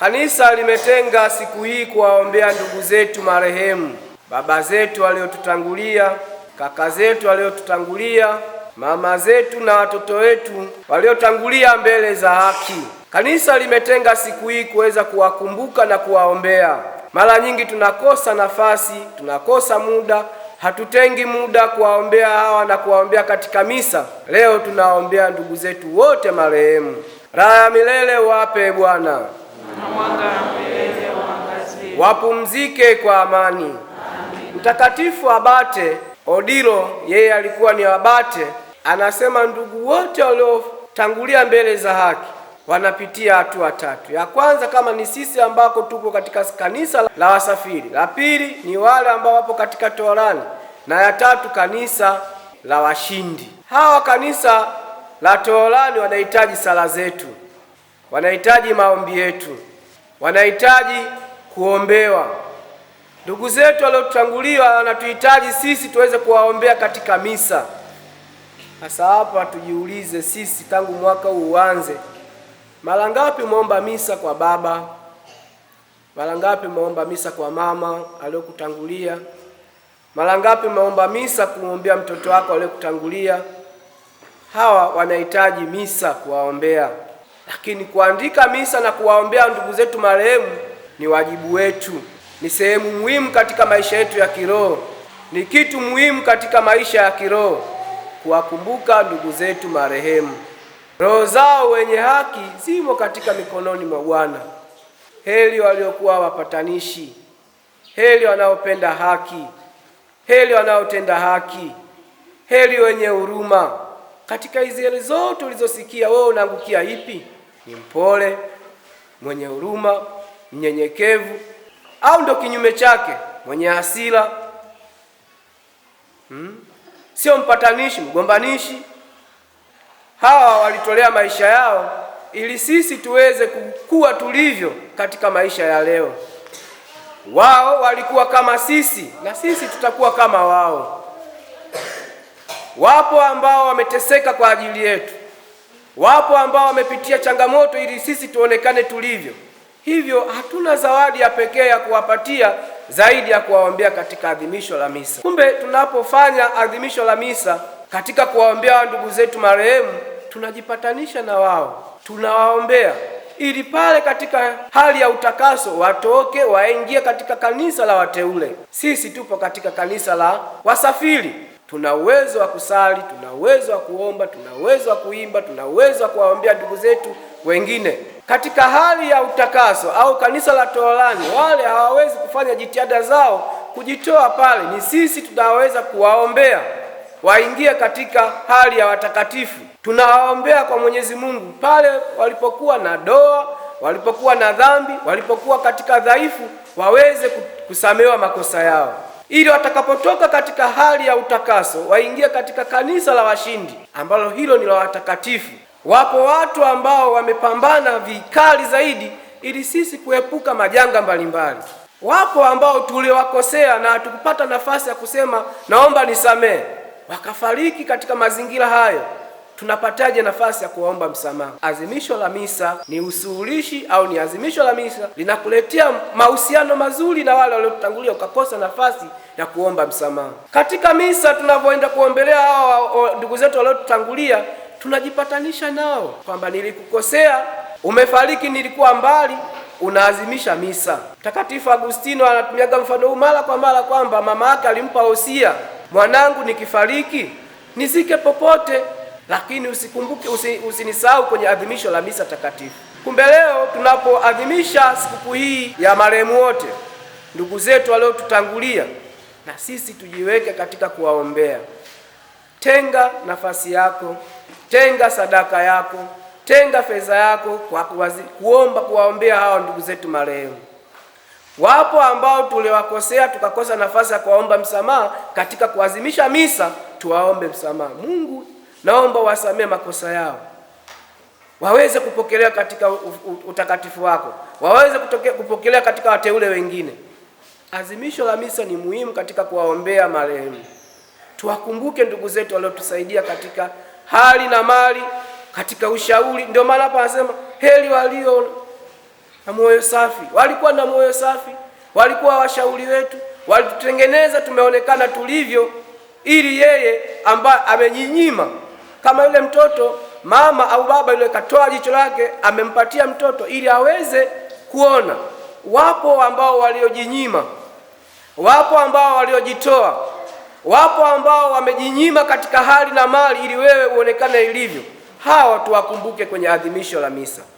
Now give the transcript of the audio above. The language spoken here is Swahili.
Kanisa limetenga siku hii kuwaombea ndugu zetu marehemu, baba zetu waliotutangulia, kaka zetu waliotutangulia, mama zetu na watoto wetu waliotangulia mbele za haki. Kanisa limetenga siku hii kuweza kuwakumbuka na kuwaombea. Mara nyingi tunakosa nafasi, tunakosa muda, hatutengi muda kuwaombea hawa na kuwaombea katika misa. Leo tunaombea ndugu zetu wote marehemu. Raha ya milele wape Bwana wapumzike kwa amani Mtakatifu Abate Odilo, yeye alikuwa ni abate, anasema ndugu wote waliotangulia mbele za haki wanapitia hatua tatu. Ya kwanza kama ni sisi ambako tuko katika kanisa la wasafiri, la pili ni wale ambao wapo katika torani, na ya tatu kanisa la washindi. Hawa kanisa la torani wanahitaji sala zetu, wanahitaji maombi yetu wanahitaji kuombewa. Ndugu zetu waliotanguliwa wanatuhitaji sisi tuweze kuwaombea katika misa. Sasa hapa tujiulize sisi, tangu mwaka huu uanze, mara ngapi umeomba misa kwa baba? Mara ngapi umeomba misa kwa mama aliyokutangulia? Mara ngapi umeomba misa kumwombea mtoto wako aliyokutangulia? Hawa wanahitaji misa kuwaombea lakini kuandika misa na kuwaombea ndugu zetu marehemu ni wajibu wetu, ni sehemu muhimu katika maisha yetu ya kiroho, ni kitu muhimu katika maisha ya kiroho kuwakumbuka ndugu zetu marehemu. Roho zao wenye haki zimo katika mikononi mwa Bwana. Heri waliokuwa wapatanishi, heri wanaopenda haki, heri wanaotenda haki, heri wenye huruma. Katika hizi zote ulizosikia, wewe unaangukia ipi? ni mpole, mwenye huruma, mnyenyekevu, au ndo kinyume chake, mwenye hasira hmm? Sio mpatanishi, mgombanishi. Hawa walitolea maisha yao ili sisi tuweze kukua tulivyo katika maisha ya leo. Wao walikuwa kama sisi na sisi tutakuwa kama wao. Wapo ambao wameteseka kwa ajili yetu, Wapo ambao wamepitia changamoto ili sisi tuonekane tulivyo. Hivyo hatuna zawadi ya pekee ya kuwapatia zaidi ya kuwaombea katika adhimisho la misa. Kumbe tunapofanya adhimisho la misa katika kuwaombea ndugu zetu marehemu, tunajipatanisha na wao, tunawaombea ili pale katika hali ya utakaso watoke waingie katika kanisa la wateule. Sisi tupo katika kanisa la wasafiri. Tuna uwezo wa kusali, tuna uwezo wa kuomba, tuna uwezo wa kuimba, tuna uwezo wa kuwaombea ndugu zetu wengine katika hali ya utakaso. Au kanisa la toharani, wale hawawezi kufanya jitihada zao kujitoa pale, ni sisi tunaweza kuwaombea waingie katika hali ya watakatifu. Tunawaombea kwa Mwenyezi Mungu pale walipokuwa na doa, walipokuwa na dhambi, walipokuwa katika dhaifu, waweze kusamewa makosa yao ili watakapotoka katika hali ya utakaso waingie katika kanisa la washindi ambalo hilo ni la watakatifu. Wapo watu ambao wamepambana vikali zaidi ili sisi kuepuka majanga mbalimbali. Wapo ambao tuliwakosea na hatukupata nafasi ya kusema naomba nisamehe, wakafariki katika mazingira hayo tunapataje nafasi ya kuwaomba msamaha? Azimisho la misa ni usuhulishi au ni azimisho la misa linakuletea mahusiano mazuri na wale waliotutangulia, ukakosa nafasi ya kuomba msamaha. Katika misa tunavyoenda kuombelea hawa ndugu zetu waliotutangulia, tunajipatanisha nao kwamba nilikukosea, umefariki, nilikuwa mbali unaazimisha misa. Mtakatifu Agustino anatumiaga mfano huu mara kwa mara kwamba mama yake alimpa hosia, mwanangu, nikifariki nizike popote lakini usikumbuke, usinisahau kwenye adhimisho la misa takatifu. Kumbe leo tunapoadhimisha sikukuu hii ya marehemu wote ndugu zetu waliotutangulia, na sisi tujiweke katika kuwaombea. Tenga nafasi yako, tenga sadaka yako, tenga fedha yako kwa kuwazi, kuomba kuwaombea hawa ndugu zetu marehemu. Wapo ambao tuliwakosea tukakosa nafasi ya kuwaomba msamaha katika kuadhimisha misa, tuwaombe msamaha Mungu naomba wasamee makosa yao, waweze kupokelewa katika utakatifu wako, waweze kupokelewa katika wateule wengine. Azimisho la misa ni muhimu katika kuwaombea marehemu. Tuwakumbuke ndugu zetu waliotusaidia katika hali na mali, katika ushauri. Ndio maana hapa anasema heri walio na moyo safi. Walikuwa na moyo safi, walikuwa washauri wetu, walitutengeneza tumeonekana tulivyo, ili yeye ambaye amenyinyima kama yule mtoto mama au baba yule katoa jicho lake amempatia mtoto ili aweze kuona. Wapo ambao waliojinyima, wapo ambao waliojitoa, wapo ambao wamejinyima katika hali na mali ili wewe uonekane ilivyo. Hawa tuwakumbuke kwenye adhimisho la misa.